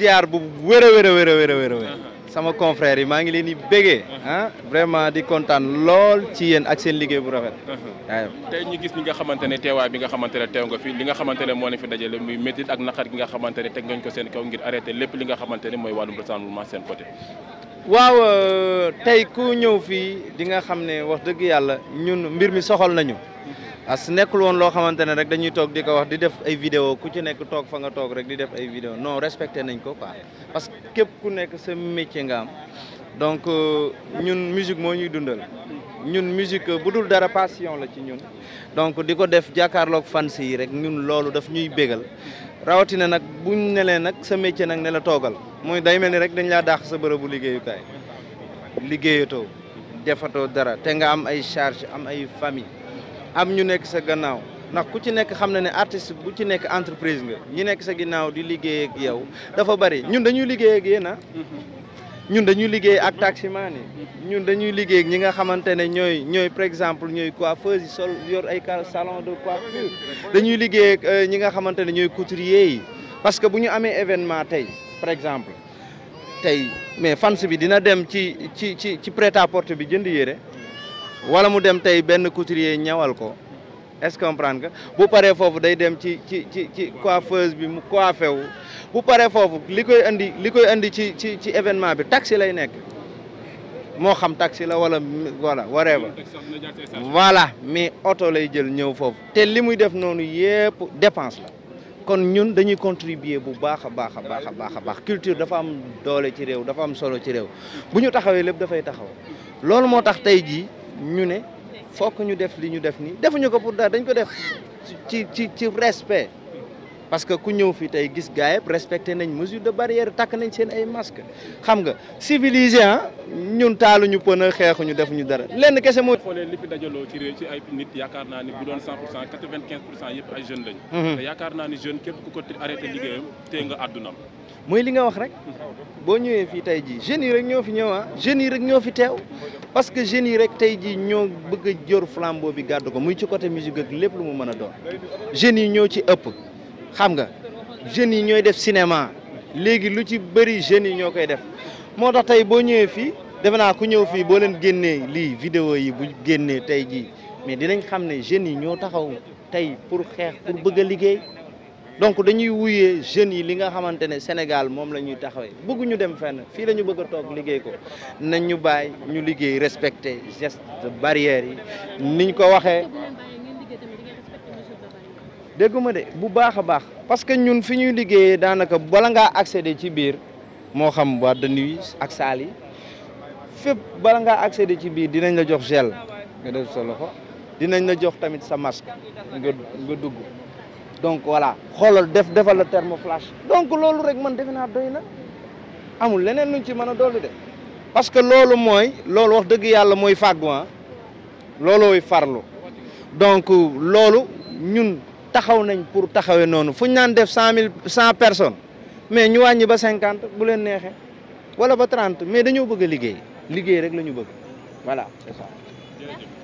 ziar bu wér a wér a wér a wér a wér sama confrère yi maa ngi leen di bégee uh-huh. ah vraiment di kontaan lool ci yéen ak seen liggéey bu rafet uh-huh. waaw tey ñu gis ñi nga xamante ne teewaay bi nga xamante ne teew nga fi li nga xamante ne moo ne fi dajale muy métit ak naqar gi nga xamante ne teg ngañ ko seen kaw ngir arrêté lépp li nga xamante ne mooy wàllum rassemblement seen côté waaw euh, tey ku ñëw fii di nga xam ne wax dëgg yàlla ñun mbir mi soxal nañu as nekkul woon loo xamante ne rek dañuy toog di ko wax di def ay vidéo ku ci nekk toog fa nga toog rek di def ay vidéo no respecté nañ ko quoi parce que képp ku nekk sa métier nga am donc euh, ñun musique moo ñuy dundal ñun musique bu dul dara passion la ci ñun donc di ko def jàkkaarloog fans yi rek ñun loolu daf ñuy bégal rawatina nag bu ne leen nag sa métier nag ne la toogal mooy day mel ni rek dañu laa dàq sa bërëbu liggéeyukaay liggéeyatoo defatoo dara te nga am ay charge am ay famille am ñu nekk sa gannaaw ndax ku ci nekk xam na ne artiste bu ci nekk entreprise nga ñi nekk sa ginnaaw di liggéey ak yow dafa bari ñun dañuy liggéey ak ah. ñun dañuy liggéey ak taximaan yi ñun dañuy liggéey ñi nga xamante ne ñooy ñooy par exemple ñooy coiffeuse yi sol yor ay salon de coiffure dañuy liggéey ak euh, ñi nga xamante ne ñooy couturier yi parce que bu ñu amee événement tey par exemple tey mais fans bi dina dem ci ci ci ci prêt à bi jënd yére wala mu dem tey benn couturier ñawal ko est-ce que nga bu paree foofu day dem ci ci ci ci coiffeuse bi mu coiffé wu bu paree foofu li koy andi li koy andi ci ci ci événement bi taxi lay nekk moo xam taxi la wala wala waree ba voilà mais oto lay jël ñëw foofu te li muy def noonu yëpp dépense la kon ñun dañuy contribuer bu baax a baax a baax a baax a baax culture dafa am doole ci réew dafa am solo ci réew bu ñu taxawee lépp dafay taxaw loolu moo tax tey jii ñu ne fokk ñu def li ñu def nii defuñu ko pour dara dañ ko def ci ci ci respect parce que ku ñëw fi tey gis gaa yëpp respecté nañ mesure de barrière takk nañ seen ay masque xam nga civilisé ah ñun taaluñu pën a xeexuñu ñu dara lenn kese mooy. xoolee li dajaloo ci réew ay nit yaakaar naa ni bu doon 100 pour cent 95 pour cent yëpp ay jeunes mhm. naa ni jeune képp ku ko arrêté nga àddunam. mooy li nga wax rek boo ñëwee fii tey jii jeunes yi rek ñoo fi ñëw ah jeunes yi rek ñoo fi teew parce que jeunes yi rek tey jii ñoo bëgg a jor bi gàddu ko muy ci côté musique ak lépp lu mu mën a doon jeunes yi ñoo ci ëpp. xam nga jeunes yi ñooy def cinéma léegi lu ci bëri jeunes yi ñoo koy def moo tax tey boo ñëwee fii defe naa ku ñëw fii boo leen génnee lii vidéo yi bu génnee tey jii mais dinañ xam ne jeunes yi ñoo taxaw tey pour xeex pour bëgg a liggéey donc dañuy wuyee jeunes yi li nga xamante ne Sénégal moom la ñuy taxawee bëgguñu dem fenn fii la ñu bëgg a toog liggéey ko nañ ñu bàyyi ñu liggéey respecté geste barrière yi niñ ko waxee dégguma de bu baax a baax parce que ñun fi ñuy liggéeyee daanaka bala ngaa de ci biir moo xam boîte de nuit ak saal yi fépp bala ngaa de ci biir dinañ la jox gel nga def sa loxo dinañ la jox tamit sa masque nga nga dugg donc voilà xoolal def defal la thermoflash donc loolu rek man defe naa doy na amul leneen luñ ci mën a dolli de parce que loolu mooy loolu wax dëgg yàlla mooy fàgguwaa ah. loolooy farlu donc loolu ñun taxaw nañ pour taxawee noonu fu ñu naan def cent mille cent personnes mais ñu wàññi ba cinquante bu leen neexee wala ba trente mais dañoo bëgg a liggéey liggéey rek la ñu bëgg voilà c'est